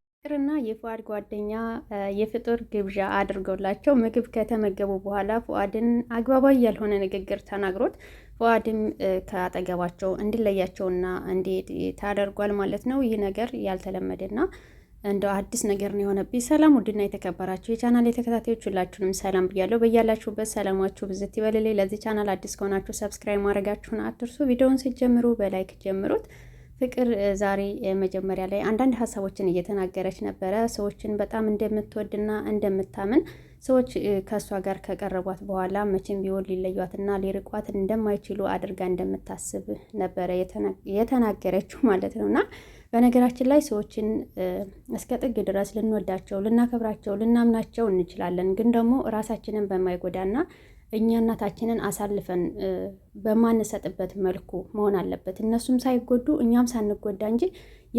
ፍቅርና የፍዋድ ጓደኛ የፍጡር ግብዣ አድርገውላቸው ምግብ ከተመገቡ በኋላ ፍዋድን አግባባዊ ያልሆነ ንግግር ተናግሮት ፍዋድም ከአጠገባቸው እንዲለያቸውና እንዲሄድ ታደርጓል ማለት ነው። ይህ ነገር ያልተለመደና እንደው አዲስ ነገር ነው የሆነብኝ። ሰላም ውድና የተከበራችሁ የቻናል የተከታታዮች ሁላችሁንም ሰላም ብያለሁ። በያላችሁበት ሰላማችሁ ብዝት ይበልልኝ። ለዚህ ቻናል አዲስ ከሆናችሁ ሰብስክራይብ ማድረጋችሁን አትርሱ። ቪዲዮውን ስትጀምሩ በላይክ ጀምሩት። ፍቅር ዛሬ መጀመሪያ ላይ አንዳንድ ሀሳቦችን እየተናገረች ነበረ። ሰዎችን በጣም እንደምትወድና እንደምታምን ሰዎች ከእሷ ጋር ከቀረቧት በኋላ መቼም ቢሆን ሊለዩትና ሊርቋት እንደማይችሉ አድርጋ እንደምታስብ ነበረ የተናገረችው ማለት ነውና በነገራችን ላይ ሰዎችን እስከ ጥግ ድረስ ልንወዳቸው፣ ልናከብራቸው፣ ልናምናቸው እንችላለን። ግን ደግሞ ራሳችንን በማይጎዳና እኛ እናታችንን አሳልፈን በማንሰጥበት መልኩ መሆን አለበት። እነሱም ሳይጎዱ እኛም ሳንጎዳ እንጂ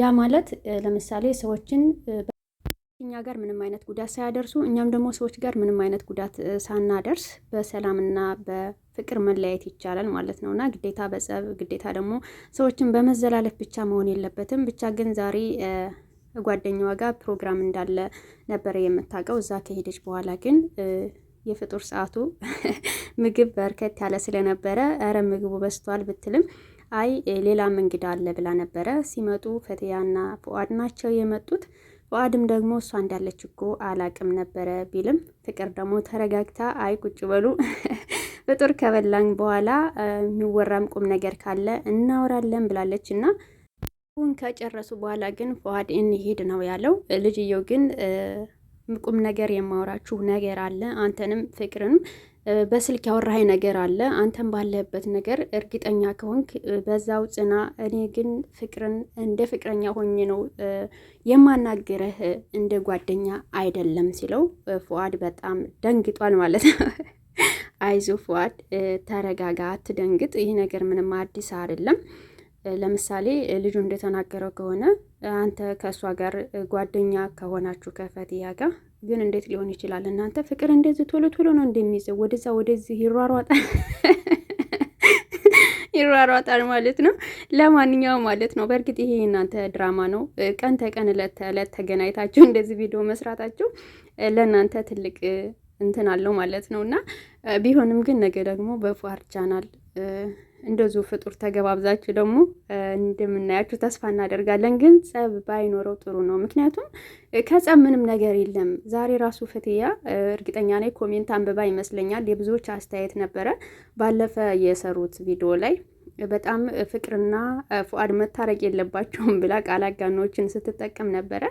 ያ ማለት ለምሳሌ ሰዎችን እኛ ጋር ምንም አይነት ጉዳት ሳያደርሱ እኛም ደግሞ ሰዎች ጋር ምንም አይነት ጉዳት ሳናደርስ በሰላምና በፍቅር መለያየት ይቻላል ማለት ነው እና ግዴታ በጸብ ግዴታ ደግሞ ሰዎችን በመዘላለፍ ብቻ መሆን የለበትም። ብቻ ግን ዛሬ ጓደኛዋ ጋር ፕሮግራም እንዳለ ነበረ የምታውቀው። እዛ ከሄደች በኋላ ግን የፍጡር ሰዓቱ ምግብ በርከት ያለ ስለነበረ እረ ምግቡ በስቷል ብትልም አይ ሌላም እንግዳ አለ ብላ ነበረ። ሲመጡ ፈትያና ፉአድ ናቸው የመጡት በአድም ደግሞ እሷ እንዳለች እኮ አላቅም ነበረ ቢልም ፍቅር ደግሞ ተረጋግታ አይ ቁጭ በሉ ፍጡር ከበላን በኋላ የሚወራም ቁም ነገር ካለ እናወራለን ብላለች እና ሁን ከጨረሱ በኋላ ግን ፈዋድ እንሄድ ነው ያለው። ልጅየው ግን ቁም ነገር የማወራችሁ ነገር አለ አንተንም ፍቅርንም በስልክ ያወራኸኝ ነገር አለ። አንተም ባለህበት ነገር እርግጠኛ ከሆንክ በዛው ጽና። እኔ ግን ፍቅርን እንደ ፍቅረኛ ሆኜ ነው የማናገረህ፣ እንደ ጓደኛ አይደለም ሲለው ፉአድ በጣም ደንግጧል ማለት ነው። አይዞ ፉአድ ተረጋጋ፣ አትደንግጥ። ይህ ነገር ምንም አዲስ አይደለም። ለምሳሌ ልጁ እንደተናገረው ከሆነ አንተ ከእሷ ጋር ጓደኛ ከሆናችሁ ከፈትያ ጋር ግን እንዴት ሊሆን ይችላል? እናንተ ፍቅር እንደዚህ ቶሎ ቶሎ ነው እንደሚይዘው ወደዛ ወደዚህ ይሯሯጣል ይሯሯጣል ማለት ነው። ለማንኛውም ማለት ነው በእርግጥ ይሄ እናንተ ድራማ ነው። ቀን ተቀን እለት ተእለት ተገናኝታችሁ እንደዚህ ቪዲዮ መስራታችሁ ለእናንተ ትልቅ እንትን አለው ማለት ነው እና ቢሆንም ግን ነገ ደግሞ በፏር ቻናል እንደዚሁ ፍጡር ተገባብዛችሁ ደግሞ እንደምናያችሁ ተስፋ እናደርጋለን። ግን ጸብ ባይኖረው ጥሩ ነው። ምክንያቱም ከጸብ ምንም ነገር የለም። ዛሬ ራሱ ፍትያ እርግጠኛ ነኝ ኮሜንት አንብባ ይመስለኛል የብዙዎች አስተያየት ነበረ ባለፈ የሰሩት ቪዲዮ ላይ በጣም ፍቅርና ፉአድ መታረቅ የለባቸውም ብላ ቃል አጋኖችን ስትጠቀም ነበረ።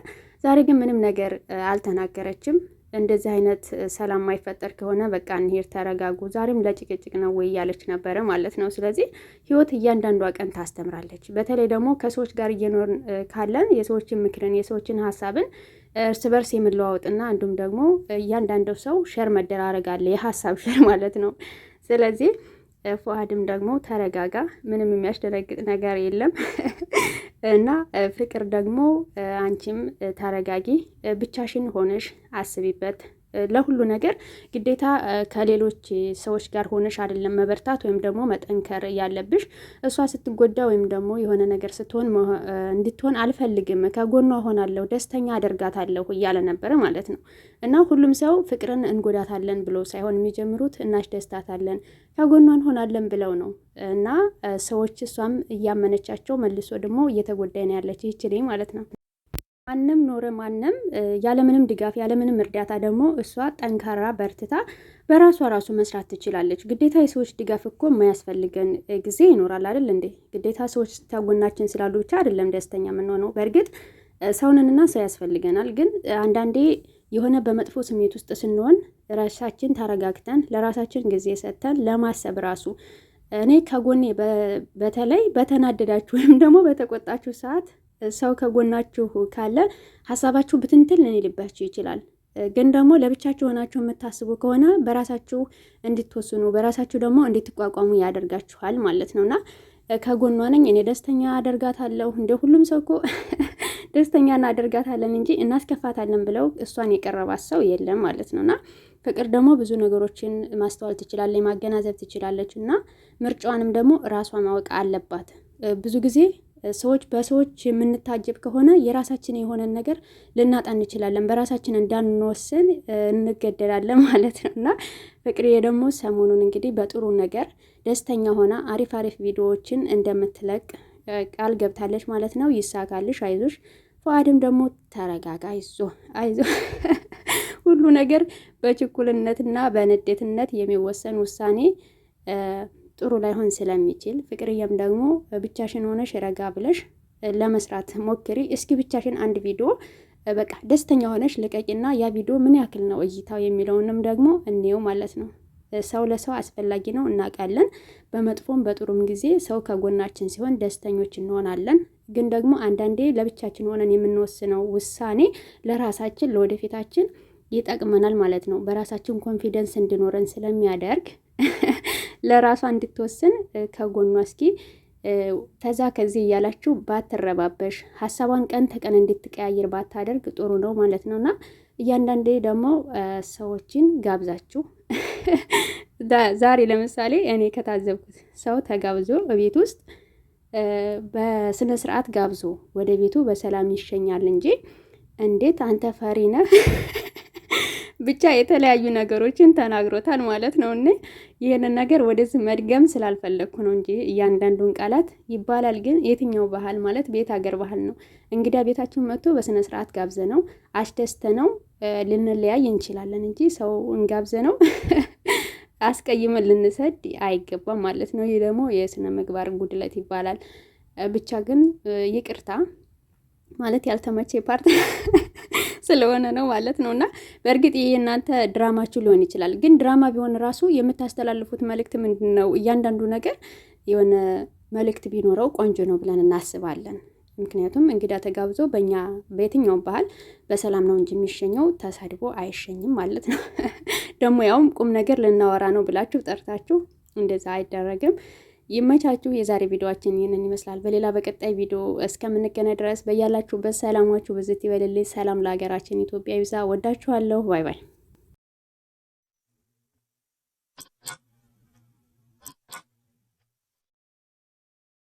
ዛሬ ግን ምንም ነገር አልተናገረችም። እንደዚህ አይነት ሰላም ማይፈጠር ከሆነ በቃ እንሄድ፣ ተረጋጉ፣ ዛሬም ለጭቅጭቅ ነው ወይ እያለች ነበረ ማለት ነው። ስለዚህ ህይወት እያንዳንዷ ቀን ታስተምራለች። በተለይ ደግሞ ከሰዎች ጋር እየኖርን ካለን የሰዎችን ምክርን የሰዎችን ሀሳብን እርስ በርስ የምለዋወጥና እንዲሁም ደግሞ እያንዳንዱ ሰው ሸር መደራረግ አለ፣ የሀሳብ ሸር ማለት ነው። ስለዚህ ፉአድም ደግሞ ተረጋጋ፣ ምንም የሚያስደነግጥ ነገር የለም እና ፍቅር ደግሞ አንቺም ተረጋጊ፣ ብቻሽን ሆነሽ አስቢበት ለሁሉ ነገር ግዴታ ከሌሎች ሰዎች ጋር ሆነሽ አይደለም መበርታት ወይም ደግሞ መጠንከር ያለብሽ። እሷ ስትጎዳ ወይም ደግሞ የሆነ ነገር ስትሆን እንድትሆን አልፈልግም፣ ከጎኗ ሆናለሁ፣ ደስተኛ አደርጋታለሁ እያለ ነበረ ማለት ነው። እና ሁሉም ሰው ፍቅርን እንጎዳታለን ብሎ ሳይሆን የሚጀምሩት ደስታታለን፣ ከጎኗ እንሆናለን ብለው ነው እና ሰዎች እሷም እያመነቻቸው መልሶ ደግሞ እየተጎዳይ ነው ያለች ይችል ማለት ነው። ማንም ኖረ ማንም ያለምንም ድጋፍ ያለምንም እርዳታ ደግሞ እሷ ጠንካራ በርትታ በራሷ ራሱ መስራት ትችላለች። ግዴታ የሰዎች ድጋፍ እኮ የማያስፈልገን ጊዜ ይኖራል አይደል እንዴ? ግዴታ ሰዎች ከጎናችን ስላሉ ብቻ አይደለም ደስተኛ የምንሆነው። በእርግጥ ሰውንንና ሰው ያስፈልገናል። ግን አንዳንዴ የሆነ በመጥፎ ስሜት ውስጥ ስንሆን ራሳችን ተረጋግተን ለራሳችን ጊዜ ሰጥተን ለማሰብ ራሱ እኔ ከጎኔ በተለይ በተናደዳችሁ ወይም ደግሞ በተቆጣችሁ ሰዓት ሰው ከጎናችሁ ካለ ሀሳባችሁ ብትንትን ልንልባችሁ ይችላል። ግን ደግሞ ለብቻችሁ ሆናችሁ የምታስቡ ከሆነ በራሳችሁ እንድትወስኑ በራሳችሁ ደግሞ እንድትቋቋሙ ያደርጋችኋል ማለት ነው እና ከጎኗ ነኝ እኔ ደስተኛ አደርጋታለሁ። እንደ ሁሉም ሰው እኮ ደስተኛ እናደርጋታለን እንጂ እናስከፋታለን ብለው እሷን የቀረባት ሰው የለም ማለት ነው እና ፍቅር ደግሞ ብዙ ነገሮችን ማስተዋል ትችላለች፣ ማገናዘብ ትችላለች እና ምርጫዋንም ደግሞ ራሷ ማወቅ አለባት ብዙ ጊዜ ሰዎች በሰዎች የምንታጀብ ከሆነ የራሳችን የሆነን ነገር ልናጣ እንችላለን። በራሳችን እንዳንወስን እንገደላለን ማለት ነው እና ፍቅርዬ ደግሞ ሰሞኑን እንግዲህ በጥሩ ነገር ደስተኛ ሆና አሪፍ አሪፍ ቪዲዮዎችን እንደምትለቅ ቃል ገብታለች ማለት ነው። ይሳካልሽ፣ አይዞሽ። ፈአድም ደግሞ ተረጋጋ፣ አይዞ አይዞ። ሁሉ ነገር በችኩልነትና በንዴትነት የሚወሰን ውሳኔ ጥሩ ላይሆን ስለሚችል ፍቅርዬም ደግሞ ብቻሽን ሆነሽ ረጋ ብለሽ ለመስራት ሞክሪ። እስኪ ብቻሽን አንድ ቪዲዮ በቃ ደስተኛ ሆነሽ ልቀቂና ያ ቪዲዮ ምን ያክል ነው እይታው የሚለውንም ደግሞ እንየው ማለት ነው። ሰው ለሰው አስፈላጊ ነው እናውቃለን። በመጥፎም በጥሩም ጊዜ ሰው ከጎናችን ሲሆን ደስተኞች እንሆናለን። ግን ደግሞ አንዳንዴ ለብቻችን ሆነን የምንወስነው ውሳኔ ለራሳችን ለወደፊታችን ይጠቅመናል ማለት ነው። በራሳችን ኮንፊደንስ እንዲኖረን ስለሚያደርግ ለራሷ እንድትወስን ከጎኗ እስኪ ከዛ ከዚህ እያላችሁ ባትረባበሽ ሀሳቧን ቀን ተቀን እንድትቀያየር ባታደርግ ጥሩ ነው ማለት ነው። እና እያንዳንዴ ደግሞ ሰዎችን ጋብዛችሁ ዛሬ ለምሳሌ እኔ ከታዘብኩት ሰው ተጋብዞ ቤት ውስጥ በስነ ስርዓት ጋብዞ ወደ ቤቱ በሰላም ይሸኛል እንጂ እንዴት አንተ ፈሪ ነህ ብቻ የተለያዩ ነገሮችን ተናግሮታል ማለት ነው። እኔ ይህንን ነገር ወደዚህ መድገም ስላልፈለግኩ ነው እንጂ እያንዳንዱን ቃላት ይባላል። ግን የትኛው ባህል ማለት ቤት ሀገር ባህል ነው። እንግዲያ ቤታችን መጥቶ በስነ ስርዓት ጋብዘ ነው አስደስተ ነው ልንለያይ እንችላለን እንጂ ሰው እንጋብዘ ነው አስቀይመን ልንሰድ አይገባም ማለት ነው። ይህ ደግሞ የስነ ምግባር ጉድለት ይባላል። ብቻ ግን ይቅርታ ማለት ያልተመቼ ፓርት ስለሆነ ነው ማለት ነው። እና በእርግጥ ይህ እናንተ ድራማችሁ ሊሆን ይችላል፣ ግን ድራማ ቢሆን ራሱ የምታስተላልፉት መልእክት ምንድን ነው? እያንዳንዱ ነገር የሆነ መልእክት ቢኖረው ቆንጆ ነው ብለን እናስባለን። ምክንያቱም እንግዳ ተጋብዞ በእኛ በየትኛውም ባህል በሰላም ነው እንጂ የሚሸኘው ተሳድቦ አይሸኝም ማለት ነው። ደግሞ ያውም ቁም ነገር ልናወራ ነው ብላችሁ ጠርታችሁ እንደዛ አይደረግም። ይመቻችሁ። የዛሬ ቪዲዮችን ይህንን ይመስላል። በሌላ በቀጣይ ቪዲዮ እስከምንገናኝ ድረስ በያላችሁበት ሰላማችሁ ብዝት ይበልልኝ። ሰላም ለሀገራችን ኢትዮጵያ ይብዛ። ወዳችኋለሁ። ባይ ባይ።